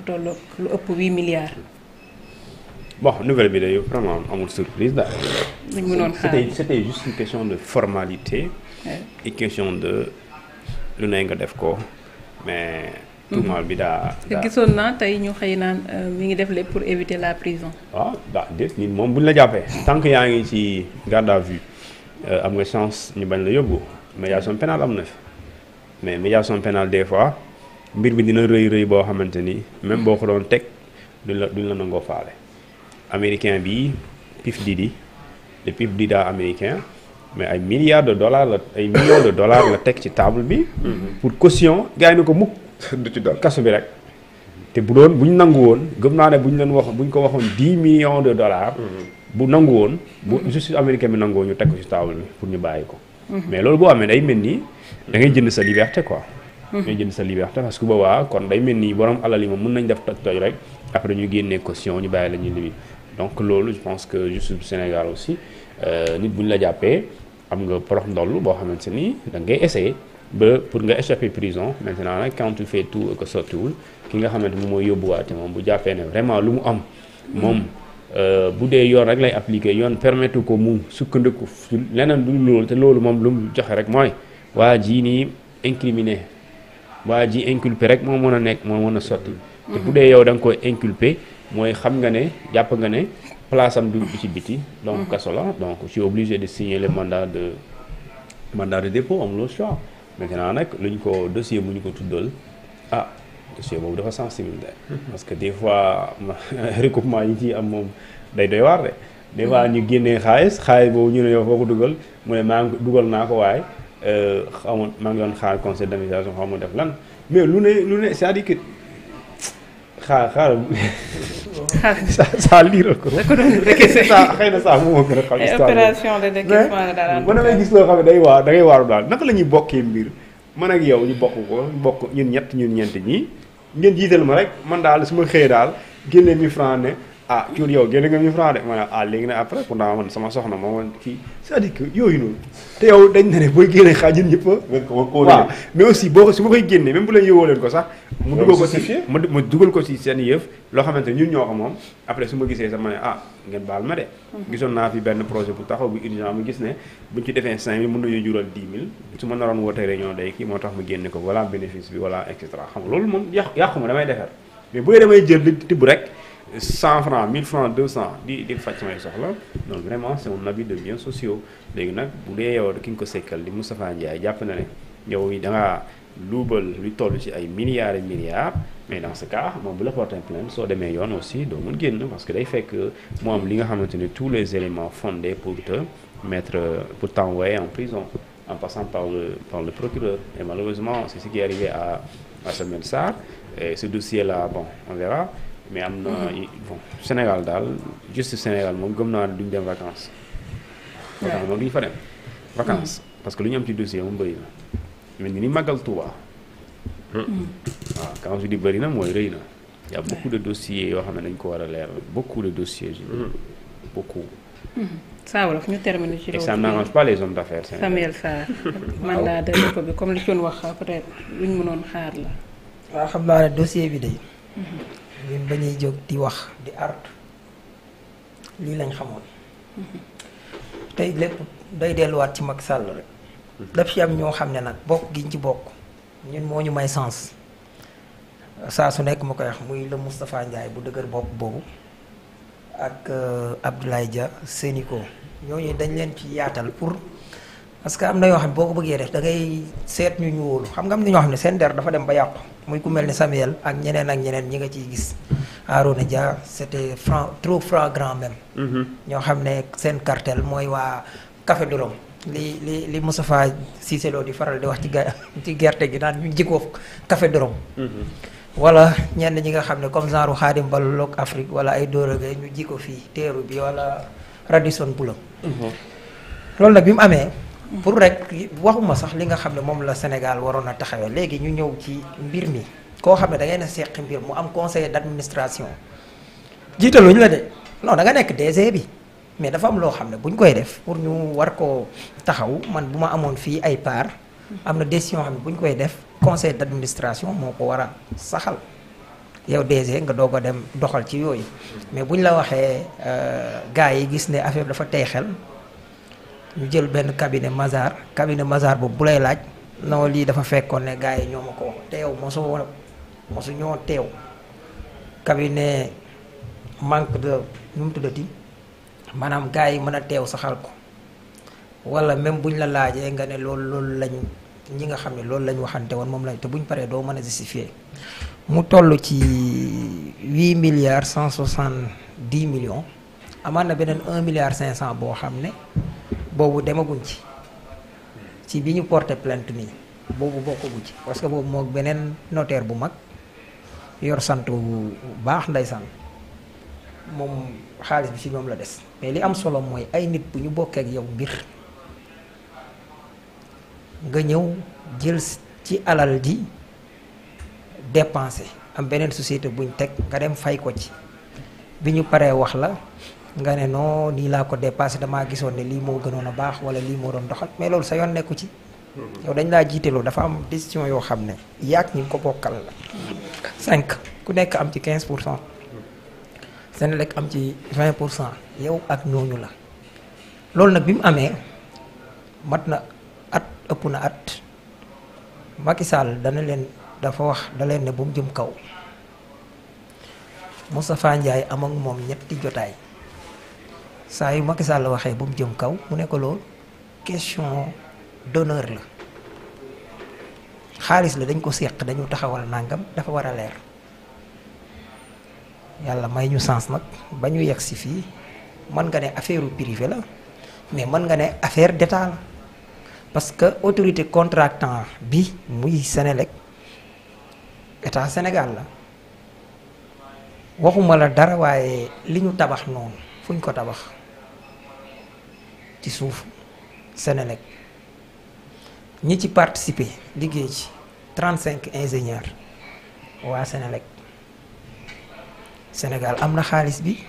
lu tolloog lu ëpp huit milliards. bon nouvelle bi day vraiment amul surprise daal. dañ mënoon xaar c'était c'était juste une question de formalité. et question de lu ne nga def ko mais. tuumaal mhm. bi daa daa gisoon naa tey ñu xëy naan euh, mi ngi def lépp pour éviter la prison. waaw ah, daa déet nit moom buñ la jàppee tant yaa ngi ci garde à vue euh, am nga chance ñu bañ la yóbbu médiation pénale am na fi mais médiation pénale des mbir bi dina rëy rëy boo xamante ni même boo ko doon teg duñ la duñ la nangoo faale américain bi PFDD le PFDDA américain mais ay milliards de dollars la ay millions de dollars la teg ci table bi pour caution gars yi ne ko mukk du ci dal bi rek te bu doon bu ñu nangu woon gëm naa ne bu ñu leen wax bu ñu ko waxoon dix million de dollars mhm. bu nangu woon bu justice américaine bi nangoo ñu teg ko ci table bi pour ñu bàyyi ko mhm. mais loolu boo amee day mel nii da ngay jënd sa liberté quoi ñooy mhm. jënd sa liberté parce que boobaa kon day mel nii borom alal yi moom mën nañ def toj toj rek après ñu génnee caution ñu bàyyi la ñuy libi donc loolu je pense que justice bu Sénégal aussi euh, nit bu ñu la jàppee am nga porox ndoll boo xamante ni da ngay essayer ba pour nga échapper prison maintenant nag quand tu fais tout que sottiwul ki nga xamante moom mooy yóbbuwaate moom bu jàppee ne vraiment lu mu am moom mhm. euh, bu dee yoon rek lay appliquer yoon permettre ko mu sukkandiku leneen du loolu te loolu moom lu mu joxe rek mooy waa jii nii incriminé waa ji inculpé rek moo mën a nekk moo mën a sotti. te bu dee yow danga nga koy inculpé mooy xam nga ne jàpp nga ne place am du ci biti. donc mm. kaso la donc je suis obligé de signer le mandat de mandat de dépôt amuloo choix maintenant nag lu ñu ko dossier bu ñu ko tuddal ah dossier boobu dafa sensible de. parce que des fois recoupement yi ci am moom day doy waar de. des mm. ñu génnee xaalis xaalis boobu ñu ne yow foo ko dugal mu ne maa dugal naa ko waaye. Euh, xaw ma maa ngi doon xaar conseil d'administration xaw ma def lan mais lu ne lu ne c'est-à-dire que xaar xaaral. sa saa liiral ko. ko doon décaissé na saa a gis loo xam day waar da waaru daal naka la ñuy bokkee mbir man ak yow ñu bokk ko bokk ñun ñett ñun ñeent ñi ngeen jiital ma rek man daal su ma xëyee daal génnee mi ne. ah cuur yow génn nga 1000 francs de ma ne ah léegi nag après pourtant man sama soxna moom kii c'est-à-dire que yooyu noonu te yow dañ ne ne booy génne xaajin ñëpp ah. waaw mais aussi boo su ma koy génne leen ko sax mu dugal ko ma ko si seen yëf loo xamante ne ñun ñoo ko moom après su ma gisee sax ma ne ah ngeen baal ma de mhm. gisoon naa fi benn projet bu taxaw bu urgent mu gis ne buñ ci defee 5000 mën nañu jural 10 000 su ma naroon wootee réunion day kii moo tax ma génne ko voilà bénéfice bi voilà et cetera xam loolu moom yàqu yàqu ma damay defar mais bu dee damay jël di rek cent francs mille francs deux cent di di faj samay soxla donc vraiment c'est un habit de biens sociaux léegi nag bu dee yow ki nga ko sekkal di Moustapha Ndiaye jàpp na ne yow da ngaa luubal lu toll ci ay milliards et milliards mais dans ce cas moom bu la porté plainte soo demee yoon aussi doo mën génn parce que day fekk moom li nga xamante ne tous les éléments fondés pour te mettre pour t'envoyer en prison en passant par le par le procureur et malheureusement c'est ce qui est arrivé à à Samuel Sarr et ce dossier mais am na mhm. Sénégal daal juste Sénégal moom gëm naa duñ dem vacances. moom duñ fa dem. vacances mhm. parce que lu ñu am ci dossier moom bëri na mais ni màggal Touba. waaw mhm. ah, quand je bëri na mooy rëy na. y a beaucoup de dossiers yoo xam ne dañ ko war a leer beaucoup de dossiers. beaucoup. saa wolof ñu terminer ci loolu. et ça n'arrange pas les hommes d'affaires. Samuel Sarr mandat ah de bi comme li Thion wax peut-être luñ mënoon xaar la. waaw xam naa ne dossier bi day ñun ba ñuy jóg di wax di artu lii lañ xamoon tey lépp day delluwaat ci mag Sall rek mhm. daf ci am ñoo xam ne nag bokk giñ ci bokk ñun moo ñu may sens saa su nekk ma koy wax muy le Moustapha Ndiaye bu dëgër bopp boobu ak euh, Abdoulaye Dia Sénico ñooñu dañ leen ci yaatal pour parce que am na yoo xam ne boo ko bëggee def da seet ñu ñu wóolu xam nga am na ñoo xam ne seen der dafa dem ba yàqu muy ku mel ni Samuel ak ñeneen ak ñeneen ñi nga ci gis Arouna Dia c'était franc trop flagrant même mm-hmm. ñoo xam ne seen cartel mooy waa Café du li li li Moustapha Cissé di faral di wax ci ga ci gerte gi naan ñu jikoo Café du Rome mm-hmm. wala ñenn ñi nga xam ne comme genre Xaadim Baloog Afrique wala ay dóorage ñu ji ko fii téeru bi wala Radisson Blu mm-hmm. loolu nag bi mu amee pour rek waxuma sax li nga xam ne moom la Sénégal waroon a taxawee léegi ñu ñëw ci mbir mi koo xam ne da ngay na seq mbir mu am conseil d' administration jiitaluñ la de non danga nga nekk DG bi mais dafa am loo xam ne bu ñu koy def pour ñu war ko taxaw man bu ma amoon fii ay part am na décision xam ne bu ñu koy def conseil d' administration moo ko war a saxal yow DG nga doog a dem doxal ci yooyu mais bu ñu la waxee euh, gars yi gis ne affaire dafa tey xel ñu jël benn cabinet Mazar cabinet Mazar boobu bu lay laaj non lii dafa fekkoon ne gars yi ñoo ma ko teew mosu mosu ñoo teew cabinet manque de ñu mu maanaam gars yi mën a teew saxal ko wala même buñ la laajee nga ne loolu loolu lañu ñi nga xam ne loolu lañ waxante woon moom lañ te buñ paree doo mën a justifier mu toll ci huit milliards cent soixante dix million amaan na beneen un milliard cinq cent boo xam ne. boobu demaguñ ci ci bi ñu porté plainte nii boobu bokkaguñ ci parce que boobu moo beneen notaire bu mag yor sant bu baax ndeysaan moom xaalis bi ci ñoom la des mais li am solo mooy ay nit bu ñu bokkeek ak yow mbir nga ñëw jël ci alal ji dépensé am beneen société buñ teg nga dem fay ko ci bi ñu paree wax la nga ne non nii laa ko dépassé damaa gisoon ne lii moo gënoon a baax wala lii moo doon doxal mais loolu sa yoon nekku ci. Mhm. yow dañ laa jiitaloo dafa am décision yoo xam ne yaak ñi ko bokkal la. 5 ku nekk am ci 15 pour cent. Senelec am ci 20 pour cent yow ak ñooñu la loolu nag bi mu amee mat na at ëpp na at Macky Sall dana leen dafa wax da leen ne bu mu jëm kaw Moustapha Ndiaye am ak moom ñetti jotaay. saa yu Macky Sall waxee ba mu jëm kaw mu ne ko loolu question d'honneur la xaalis la dañ ko seq dañu taxawal nangam dafa war a leer yàlla may ñu sens nag ba ñu yegg si fii mën nga ne affaire privé la mais mën nga ne affaire d'état la parce que autorité contractant bi muy Sénélec état Sénégal la waxuma la dara waaye li ñu tabax noonu fu ñu ko tabax ci suuf Senelec ñi ci participer liggéey ci trente cinq ingénieurs waa Senelec Sénégal am na xaalis bi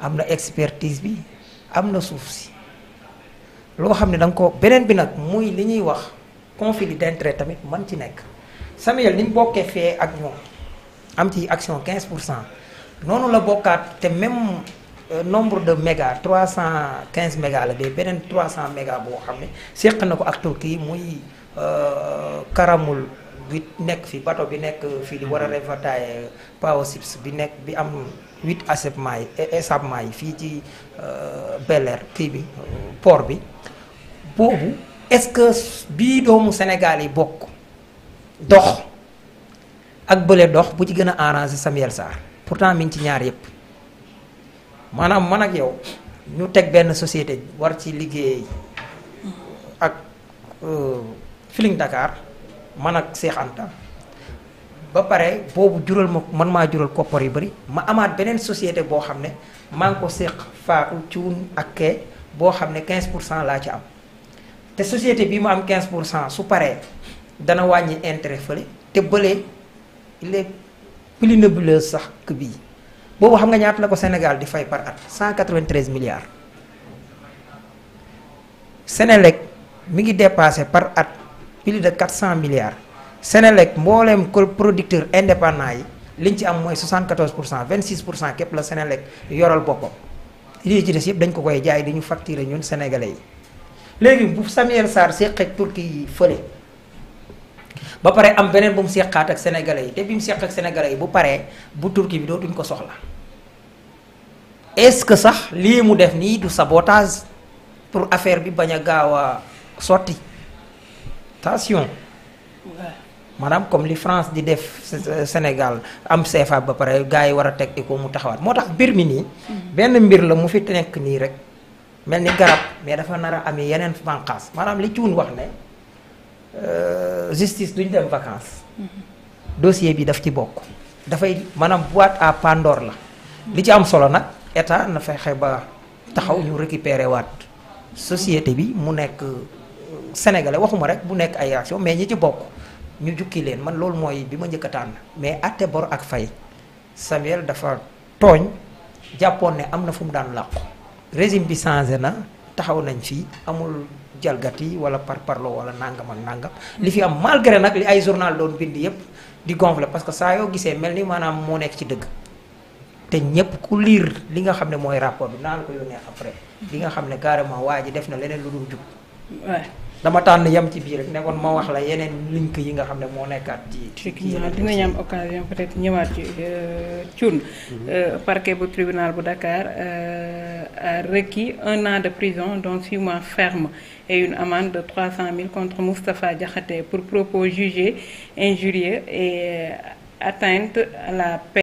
am na expertise bi am na suuf si loo xam ne da ko beneen bi nag muy li ñuy wax conflit d'intérêt tamit man ci nekk Samuel ni mu bokkee fee ak ñoom am ci action 15 pour cent noonu la bokkaat te même Euh, nombre de méga 315 méga la dee beneen cent méga boo xam ne séq na ko ak Turquie muy euh, karamul bi nekk fi bateau bi nekk fii di war a mhm. ravitailler Paossips bi nekk bi am huit échappement yi eh, échappement yi fii ci euh, Bel Air kii bi port bi boobu est-ce que bii doomu Sénégal yi bokk dox ak bële dox bu ci gën a arrangé Samuel Sarr pourtant mi ngi ci ñaar yépp maanaam man ak yow ñu teg benn société war ci liggéey ak euh, Feeling Dakar man ak Cheikh Anta ba pare boobu jural ma man maa jural koppar yu bëri ma amaat beneen société boo xam ne man ngi ko séq faaku cuun ak kee boo xam ne 15 pour cent laa ci am te société bi ma am quinze pour cent su paree dana wàññi intérêt fële te bële il est plus nébuleux sax que boobu xam nga ñaata la ko Sénégal di fay par at 193 milliards Sénélec mi ngi dépassé par at plus de 400 milliards Sénélec mbooleem ko producteur indépendant yi li liñ ci am mooy 74 pour cent 26 pour cent képp la Sénélec yoral boppam lii ci des yëpp dañ ko koy jaay di ñu facturer ñun sénégalais yi léegi bu Samuel Sarr seqeeg turki yi fële. ba pare am beneen bu mu seqaat ak sénégalais yi te bi mu seq ak sénégalais yi bu paree bu turki bi dootuñ ko soxla est-ce que sax lii mu def nii du sabotage pour affaire bi bañ a gaaw a sotti attention maanaam comme li France di def euh, Sénégal am CFA ba pare gars yi war a teg ko mu taxawaat moo tax mbir mi nii. Mm-hmm. benn mbir la mu fi nekk nii rek mel ni garab mais dafa nar a amee yeneen bànqaas maanaam li cuun wax ne. Euh, justice duñ dem vacances mm-hmm. dossier bi daf ci bokk dafay maanaam boîte à Pandore la mm-hmm. li ci am solo nag état na fexe ba taxaw ñu récupérer waat société bi mu nekk euh, sénégalais waxuma rek bu nekk ay action mais ñi ci bokk ñu jukki leen man loolu mooy bi ma njëkk a tànn mais atte bor ak fay Samuel dafa tooñ jàppoon ne am na fu mu daan làqu régime bi changé na taxaw nañ fii amul jalgati wala par parlo wala nangam ak nangam. li fi am malgré nag li ay journal doon bind yëpp di gonfler parce que saa yoo gisee mel ni maanaam moo nekk ci dëgg. te ñëpp ku lire li nga xam ne mooy rapport bi naa la ko yónnee après li nga xam ne carrément waa def na leneen lu dul jub. dama tànn yem ci biir rek ne ma wax la yeneen link yi nga xam ne moo nekkaat ci. dinañ am euh, mm-hmm. euh, parquet bu tribunal bu Dakar. Euh, Euh, requis un an de prison dont six mois ferme et une amende de contre Moustapha Diakhaté pour propos jugés injurieux et atteinte la paix.